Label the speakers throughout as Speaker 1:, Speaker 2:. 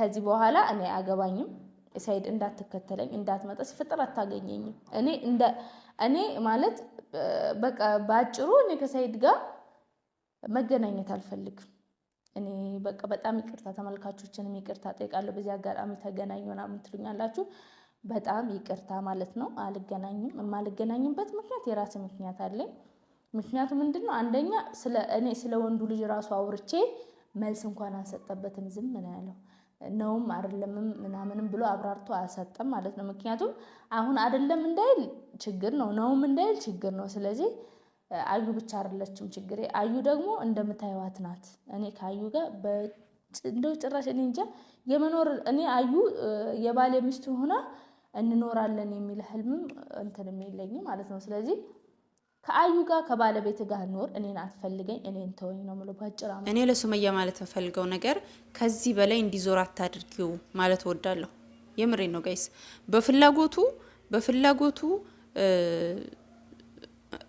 Speaker 1: ከዚህ በኋላ እኔ አገባኝም ሳይድ እንዳትከተለኝ እንዳትመጣ ሲፈጠር አታገኘኝም። እኔ እንደ እኔ ማለት በቃ በአጭሩ እኔ ከሳይድ ጋር መገናኘት አልፈልግም። እኔ በቃ በጣም ይቅርታ ተመልካቾችንም ይቅርታ ጠይቃለሁ። በዚህ አጋጣሚ ተገናኙ ምናምን ምትሉኛላችሁ፣ በጣም ይቅርታ ማለት ነው። አልገናኝም። የማልገናኝበት ምክንያት የራሴ ምክንያት አለኝ። ምክንያቱ ምንድን ነው? አንደኛ እኔ ስለ ወንዱ ልጅ ራሱ አውርቼ መልስ እንኳን አልሰጠበትም፣ ዝም ነው ያለው። ነውም አይደለምም ምናምንም ብሎ አብራርቶ አልሰጠም ማለት ነው። ምክንያቱም አሁን አይደለም እንዳይል ችግር ነው፣ ነውም እንዳይል ችግር ነው። ስለዚህ አዩ ብቻ አይደለችም ችግሬ። አዩ ደግሞ እንደምታይዋት ናት። እኔ ከአዩ ጋር እንደው ጭራሽ እኔ እንጃ የመኖር እኔ አዩ የባሌ ሚስቱ ሆና እንኖራለን የሚል ህልምም እንትንም የለኝም ማለት ነው። ስለዚህ ከአዩ ጋር ከባለቤት ጋር ኖር፣ እኔን አትፈልገኝ፣ እኔን ተወኝ ነው ምሎ ባጭራ። እኔ
Speaker 2: ለሱመያ ማለት የምፈልገው ነገር ከዚህ በላይ እንዲዞር አታድርጊው ማለት እወዳለሁ። የምሬ ነው ጋይስ። በፍላጎቱ በፍላጎቱ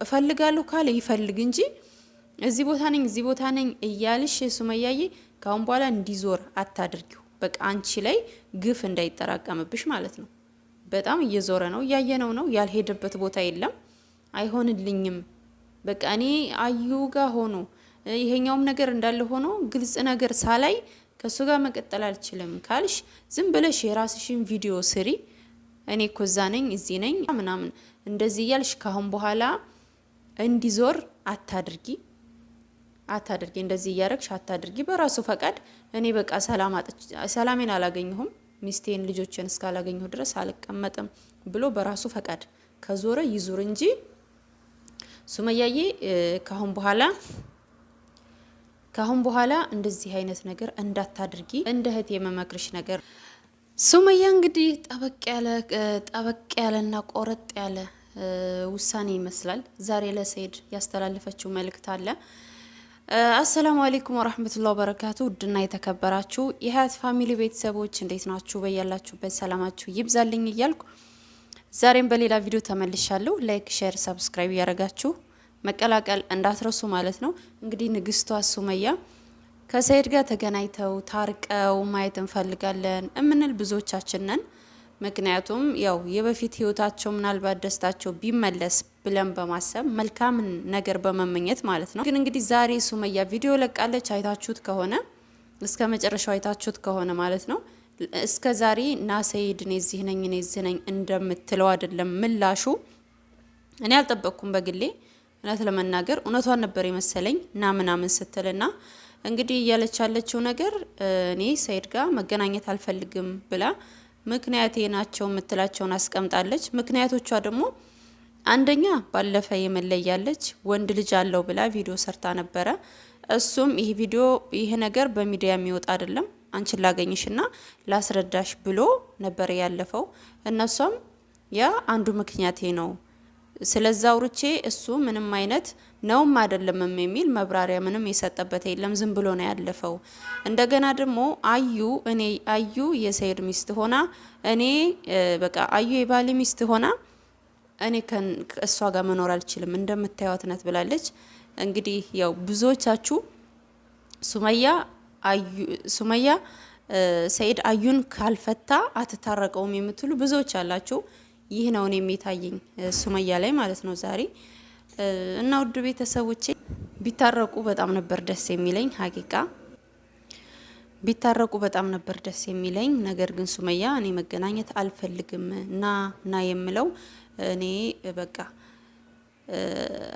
Speaker 2: እፈልጋለሁ ካለ ይፈልግ እንጂ እዚህ ቦታ ነኝ እዚህ ቦታ ነኝ እያልሽ ሱመያዬ፣ ካሁን በኋላ እንዲዞር አታድርጊው። በቃ አንቺ ላይ ግፍ እንዳይጠራቀምብሽ ማለት ነው። በጣም እየዞረ ነው፣ እያየነው ነው። ያልሄደበት ቦታ የለም አይሆንልኝም። በቃ እኔ አዩ ጋር ሆኖ ይሄኛውም ነገር እንዳለ ሆኖ ግልጽ ነገር ሳላይ ከእሱ ጋር መቀጠል አልችልም ካልሽ ዝም ብለሽ የራስሽን ቪዲዮ ስሪ። እኔ እኮ እዛ ነኝ እዚህ ነኝ ምናምን እንደዚህ እያልሽ ካሁን በኋላ እንዲዞር አታድርጊ አታድርጊ እንደዚህ እያደረግሽ አታድርጊ። በራሱ ፈቃድ እኔ በቃ ሰላሜን አላገኘሁም ሚስቴን ልጆችን እስካላገኘሁ ድረስ አልቀመጥም ብሎ በራሱ ፈቃድ ከዞረ ይዙር እንጂ ሱመያዬ ካሁን በኋላ ካሁን በኋላ እንደዚህ አይነት ነገር እንዳታድርጊ እንደ እህት የመመክርሽ ነገር ሱመያ እንግዲህ ጠበቅ ያለ ጠበቅ ያለና ቆረጥ ያለ ውሳኔ ይመስላል ዛሬ ለሰይድ ያስተላለፈችው መልእክት አለ። አሰላሙ አሌይኩም ወራህመቱላሂ ወበረካቱ። ውድና የተከበራችሁ የሀያት ፋሚሊ ቤተሰቦች እንዴት ናችሁ? በያላችሁበት ሰላማችሁ ይብዛልኝ እያልኩ ዛሬም በሌላ ቪዲዮ ተመልሻለሁ። ላይክ፣ ሼር፣ ሰብስክራይብ እያደረጋችሁ መቀላቀል እንዳትረሱ ማለት ነው። እንግዲህ ንግስቷ ሱመያ ከሰይድ ጋር ተገናኝተው ታርቀው ማየት እንፈልጋለን እምንል ብዙዎቻችን ነን። ምክንያቱም ያው የበፊት ህይወታቸው ምናልባት ደስታቸው ቢመለስ ብለን በማሰብ መልካም ነገር በመመኘት ማለት ነው። ግን እንግዲህ ዛሬ ሱመያ ቪዲዮ ለቃለች። አይታችሁት ከሆነ እስከ መጨረሻው አይታችሁት ከሆነ ማለት ነው እስከ ዛሬ ናሰይድ እኔ እዚህ ነኝ እኔ እዚህ ነኝ እንደምትለው አይደለም ምላሹ። እኔ አልጠበቅኩም በግሌ እውነት ለመናገር እውነቷን ነበር የመሰለኝ ና ምናምን ስትልና እንግዲህ እያለች ያለችው ነገር እኔ ሰይድ ጋር መገናኘት አልፈልግም ብላ ምክንያቴ ናቸው የምትላቸውን አስቀምጣለች። ምክንያቶቿ ደግሞ አንደኛ ባለፈ የመለያለች ወንድ ልጅ አለው ብላ ቪዲዮ ሰርታ ነበረ። እሱም ይህ ቪዲዮ ይሄ ነገር በሚዲያ የሚወጣ አይደለም አንቺን ላገኝሽና ላስረዳሽ ብሎ ነበር ያለፈው። እነሷም ያ አንዱ ምክንያቴ ነው ስለዛ አውርቼ እሱ ምንም አይነት ነውም አይደለምም የሚል መብራሪያ ምንም የሰጠበት የለም። ዝም ብሎ ነው ያለፈው። እንደገና ደግሞ አዩ እኔ አዩ የሰይድ ሚስት ሆና እኔ በቃ አዩ የባሌ ሚስት ሆና እኔ እሷ ጋር መኖር አልችልም እንደምታዩት ነት ብላለች። እንግዲህ ያው ብዙዎቻችሁ ሱመያ ሱመያ ሰይድ አዩን ካልፈታ አትታረቀውም የምትሉ ብዙዎች አላችሁ። ይህ ነው እኔም የሚታየኝ ሱመያ ላይ ማለት ነው ዛሬ እና ውድ ቤተሰቦቼ ቢታረቁ በጣም ነበር ደስ የሚለኝ። ሀቂቃ ቢታረቁ በጣም ነበር ደስ የሚለኝ። ነገር ግን ሱመያ እኔ መገናኘት አልፈልግም እና ና የምለው እኔ በቃ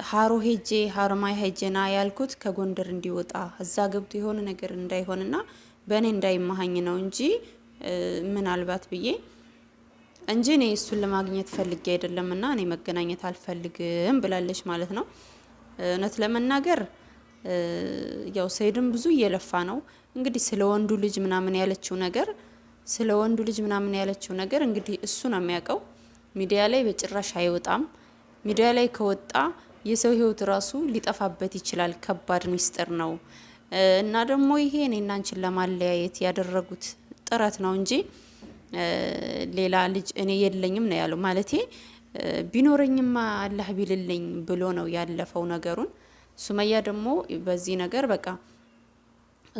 Speaker 2: ሀሮ ሄጄ ሀረማያ ሄጄ ና ያልኩት ከጎንደር እንዲወጣ እዛ ገብቶ የሆነ ነገር እንዳይሆንና በእኔ እንዳይመሀኝ ነው እንጂ ምናልባት ብዬ እንጂ እኔ እሱን ለማግኘት ፈልጌ አይደለም። ና እኔ መገናኘት አልፈልግም ብላለች ማለት ነው። እውነት ለመናገር ያው ሰይድም ብዙ እየለፋ ነው እንግዲህ ስለ ወንዱ ልጅ ምናምን ያለችው ነገር ስለ ወንዱ ልጅ ምናምን ያለችው ነገር እንግዲህ እሱ ነው የሚያውቀው። ሚዲያ ላይ በጭራሽ አይወጣም። ሚዲያ ላይ ከወጣ የሰው ህይወት ራሱ ሊጠፋበት ይችላል። ከባድ ሚስጥር ነው እና ደግሞ ይሄ እኔ እናንችን ለማለያየት ያደረጉት ጥረት ነው እንጂ ሌላ ልጅ እኔ የለኝም ነው ያለው። ማለቴ ቢኖረኝማ አላህ ቢልልኝ ብሎ ነው ያለፈው ነገሩን። ሱመያ ደግሞ በዚህ ነገር በቃ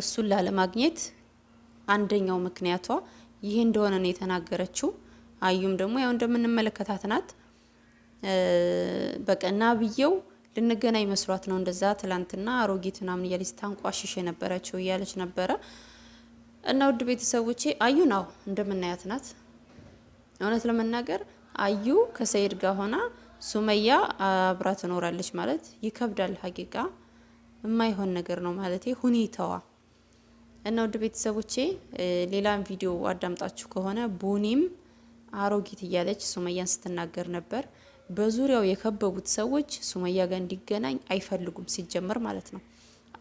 Speaker 2: እሱን ላለማግኘት አንደኛው ምክንያቷ ይሄ እንደሆነ ነው የተናገረችው። አዩም ደግሞ ያው እንደምንመለከታት ናት። በቀና እና ብዬው ልንገናኝ መስሯት ነው እንደዛ ትላንትና አሮጊት ምናምን እያለች ስታንቋሽሽ የነበረችው እያለች ነበረ። እና ውድ ቤተሰቦቼ አዩ ናው እንደምናያት ናት። እውነት ለመናገር አዩ ከሰይድ ጋር ሆና ሱመያ አብራ ትኖራለች ማለት ይከብዳል። ሀቂቃ የማይሆን ነገር ነው ማለት ሁኔታዋ እና ውድ ቤተሰቦቼ ሌላም ቪዲዮ አዳምጣችሁ ከሆነ ቡኒም አሮጊት እያለች ሱመያን ስትናገር ነበር። በዙሪያው የከበቡት ሰዎች ሱመያ ጋር እንዲገናኝ አይፈልጉም ሲጀመር ማለት ነው።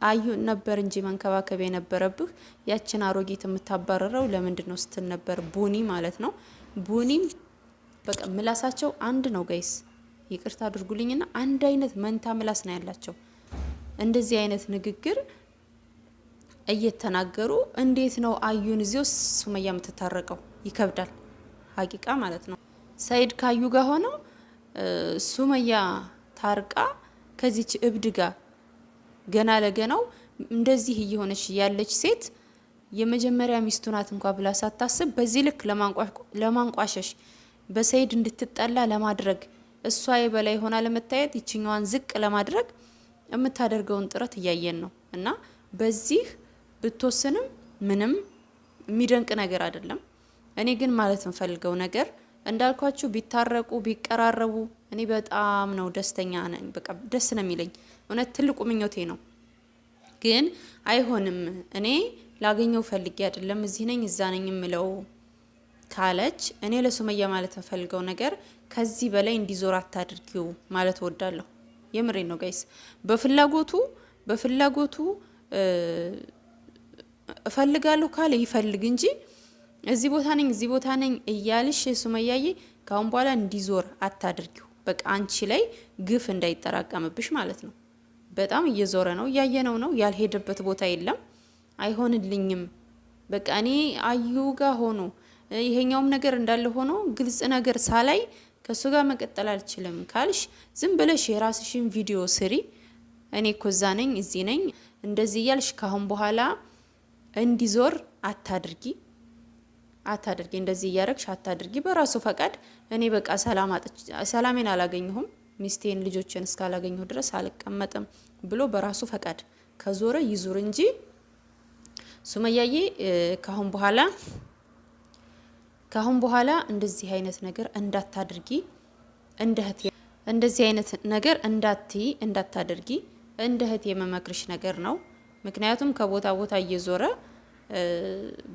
Speaker 2: አዩ ነበር እንጂ መንከባከብ የነበረብህ ያችን አሮጊት የምታባረረው ለምንድን ነው ስትል ነበር። ቡኒ ማለት ነው። ቡኒም በቃ ምላሳቸው አንድ ነው ጋይስ፣ ይቅርታ አድርጉልኝና አንድ አይነት መንታ ምላስ ነው ያላቸው። እንደዚህ አይነት ንግግር እየተናገሩ እንዴት ነው አዩን እዚው ሱመያ የምትታረቀው? ይከብዳል ሀቂቃ ማለት ነው። ሰይድ ካዩ ጋር ሆነው ሱመያ ታርቃ ከዚች እብድ ጋር ገና ለገናው እንደዚህ እየሆነች ያለች ሴት የመጀመሪያ ሚስቱ ናት እንኳ ብላ ሳታስብ በዚህ ልክ ለማንቋሸሽ በሰይድ እንድትጠላ ለማድረግ እሷ የበላይ ሆና ለመታየት ይችኛዋን ዝቅ ለማድረግ የምታደርገውን ጥረት እያየን ነው እና በዚህ ብትወስንም ምንም የሚደንቅ ነገር አይደለም። እኔ ግን ማለት የምፈልገው ነገር እንዳልኳችሁ ቢታረቁ ቢቀራረቡ እኔ በጣም ነው ደስተኛ ነኝ። በቃ ደስ ነው የሚለኝ። እውነት ትልቁ ምኞቴ ነው። ግን አይሆንም። እኔ ላገኘው ፈልጌ አይደለም እዚህ ነኝ እዛ ነኝ የምለው ካለች እኔ ለሱመያ ማለት ፈልገው ነገር ከዚህ በላይ እንዲዞር አታድርጊው ማለት እወዳለሁ። የምሬ ነው ጋይስ። በፍላጎቱ በፍላጎቱ እፈልጋለሁ ካለ ይፈልግ እንጂ እዚህ ቦታ ነኝ እዚህ ቦታ ነኝ እያልሽ ሱመያዬ ካሁን በኋላ እንዲዞር አታድርጊው። በቃ አንቺ ላይ ግፍ እንዳይጠራቀምብሽ ማለት ነው። በጣም እየዞረ ነው፣ እያየነው ነው። ያልሄደበት ቦታ የለም። አይሆንልኝም በቃ እኔ አዩ ጋር ሆኖ ይሄኛውም ነገር እንዳለ ሆኖ ግልጽ ነገር ሳላይ ከእሱ ጋር መቀጠል አልችልም ካልሽ ዝም ብለሽ የራስሽን ቪዲዮ ስሪ። እኔ እኮ እዛ ነኝ እዚህ ነኝ እንደዚህ እያልሽ ካሁን በኋላ እንዲዞር አታድርጊ። አታድርጊ፣ እንደዚህ እያደረግሽ አታድርጊ። በራሱ ፈቃድ እኔ በቃ ሰላሜን አላገኘሁም፣ ሚስቴን ልጆችን እስካላገኘሁ ድረስ አልቀመጥም ብሎ በራሱ ፈቃድ ከዞረ ይዙር እንጂ ሱመያዬ ካሁን በኋላ ካሁን በኋላ እንደዚህ አይነት ነገር እንዳታድርጊ እንደ እህቴ እንደዚህ አይነት ነገር እንዳት እንዳታደርጊ እንደ እህቴ የመመክርሽ ነገር ነው። ምክንያቱም ከቦታ ቦታ እየዞረ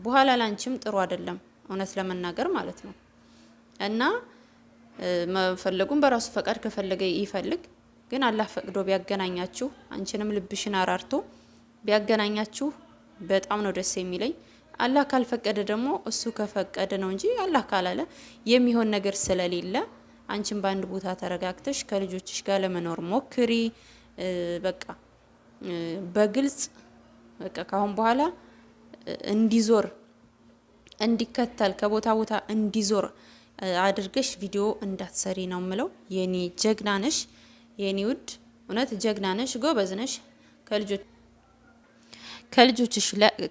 Speaker 2: በኋላ ላንቺም ጥሩ አይደለም፣ እውነት ለመናገር ማለት ነው። እና መፈለጉን በራሱ ፈቃድ ከፈለገ ይፈልግ። ግን አላህ ፈቅዶ ቢያገናኛችሁ አንቺንም ልብሽን አራርቶ ቢያገናኛችሁ በጣም ነው ደስ የሚለኝ። አላህ ካልፈቀደ ደግሞ እሱ ከፈቀደ ነው እንጂ አላህ ካላለ የሚሆን ነገር ስለሌለ አንቺን በአንድ ቦታ ተረጋግተሽ ከልጆችሽ ጋር ለመኖር ሞክሪ። በቃ በግልጽ በቃ ካሁን በኋላ እንዲዞር እንዲከተል ከቦታ ቦታ እንዲዞር አድርገሽ ቪዲዮ እንዳትሰሪ ነው ምለው። የኔ ጀግና ነሽ፣ የኔ ውድ እውነት ጀግና ነሽ፣ ጎበዝ ነሽ።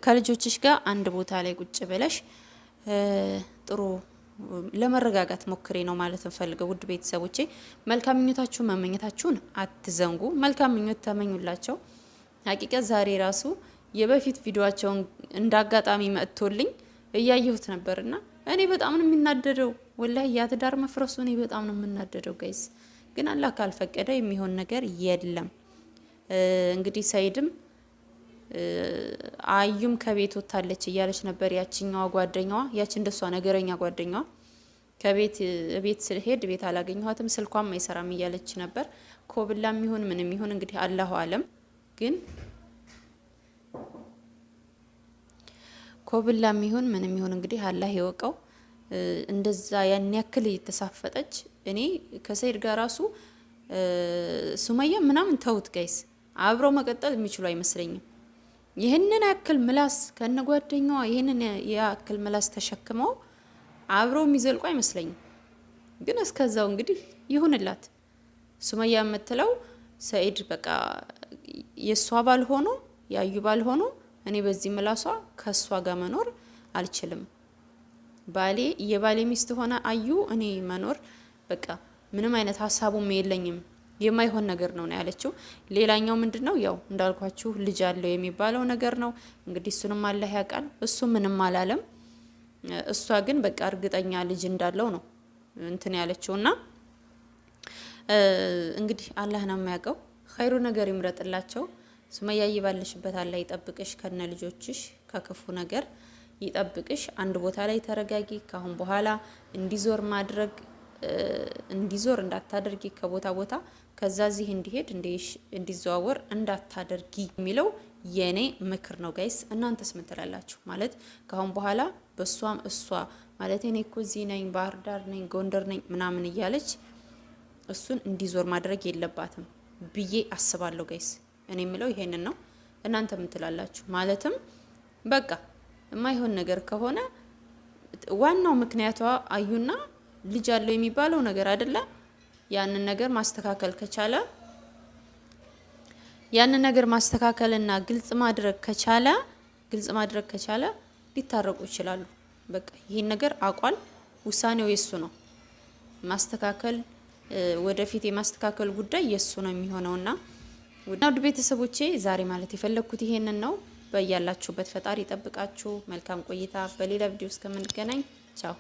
Speaker 2: ከልጆችሽ ጋር አንድ ቦታ ላይ ቁጭ ብለሽ ጥሩ ለመረጋጋት ሞክሬ ነው ማለት እንፈልገው። ውድ ቤተሰቦቼ መልካም ምኞታችሁ መመኘታችሁን አትዘንጉ። መልካም ምኞት ተመኙላቸው። ሀቂቀት ዛሬ ራሱ የበፊት ቪዲዮቸውን እንዳጋጣሚ መጥቶልኝ እያየሁት እና እኔ በጣም ነው የሚናደደው። ወላሂ የትዳር መፍረሱ እኔ በጣም ነው የምናደደው ጋይስ። ግን አላህ ካልፈቀደ የሚሆን ነገር የለም። እንግዲህ ሰይድም አዩም ከቤት ወታለች እያለች ነበር ያችኛዋ ጓደኛዋ፣ ያች እንደሷ ነገረኛ ጓደኛዋ ከቤት ቤት ስሄድ ቤት አላገኘኋትም ስልኳም አይሰራም እያለች ነበር። ኮብላም ይሁን ምንም ይሁን እንግዲህ አላሁ አለም ግን ኮብላም ይሁን ምንም ይሁን እንግዲህ አላህ ይወቀው። እንደዛ ያን ያክል እየተሳፈጠች እኔ ከሰይድ ጋር ራሱ ሱመያ ምናምን ተውት ጋይስ፣ አብረው መቀጠል የሚችሉ አይመስለኝም። ይህንን ያክል ምላስ ከነ ጓደኛዋ ይህንን ያክል ምላስ ተሸክመው አብረው የሚዘልቁ አይመስለኝም። ግን እስከዛው እንግዲህ ይሁንላት። ሱመያ የምትለው ሰይድ በቃ የእሷ ባል ሆኖ ያዩ ባል ሆኖ እኔ በዚህ ምላሷ ከእሷ ጋር መኖር አልችልም። ባሌ የባሌ ሚስት ሆነ አዩ እኔ መኖር በቃ ምንም አይነት ሀሳቡም የለኝም የማይሆን ነገር ነው ነው ያለችው። ሌላኛው ምንድን ነው ያው እንዳልኳችሁ ልጅ አለው የሚባለው ነገር ነው እንግዲህ እሱንም አላህ ያውቃል። እሱ ምንም አላለም። እሷ ግን በቃ እርግጠኛ ልጅ እንዳለው ነው እንትን ያለችው እና እንግዲህ አላህ ነው የሚያውቀው። ኸይሩ ነገር ይምረጥላቸው። ሱመያዬ ይባልሽበት አላ ይጠብቅሽ፣ ከነ ልጆችሽ ከክፉ ነገር ይጠብቅሽ። አንድ ቦታ ላይ ተረጋጊ። ካሁን በኋላ እንዲዞር ማድረግ እንዲዞር እንዳታደርጊ፣ ከቦታ ቦታ ከዛ ዚህ እንዲሄድ እንዲዘዋወር እንዳታደርጊ የሚለው የኔ ምክር ነው ጋይስ። እናንተስ ምን ትላላችሁ? ማለት ካሁን በኋላ በእሷም እሷ ማለት እኔ እኮ እዚህ ነኝ፣ ባህር ዳር ነኝ፣ ጎንደር ነኝ ምናምን እያለች እሱን እንዲዞር ማድረግ የለባትም ብዬ አስባለሁ ጋይስ። እኔ የምለው ይሄንን ነው። እናንተ ምን ትላላችሁ? ማለትም በቃ የማይሆን ነገር ከሆነ ዋናው ምክንያቷ አዩና ልጅ አለው የሚባለው ነገር አይደለ? ያንን ነገር ማስተካከል ከቻለ ያንን ነገር ማስተካከልና ግልጽ ማድረግ ከቻለ ግልጽ ማድረግ ከቻለ ሊታረቁ ይችላሉ። በቃ ይህን ነገር አቋል፣ ውሳኔው የሱ ነው። ማስተካከል ወደፊት የማስተካከል ጉዳይ የሱ ነው የሚሆነውና ውድ ቤተሰቦቼ ዛሬ ማለት የፈለግኩት ይሄንን ነው። በያላችሁበት ፈጣሪ ይጠብቃችሁ። መልካም ቆይታ። በሌላ ቪዲዮ እስከምንገናኝ ቻው።